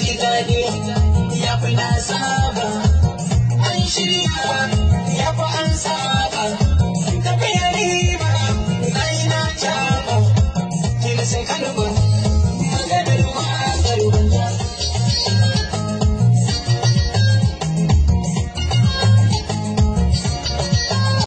ji daɗi ya fi nasa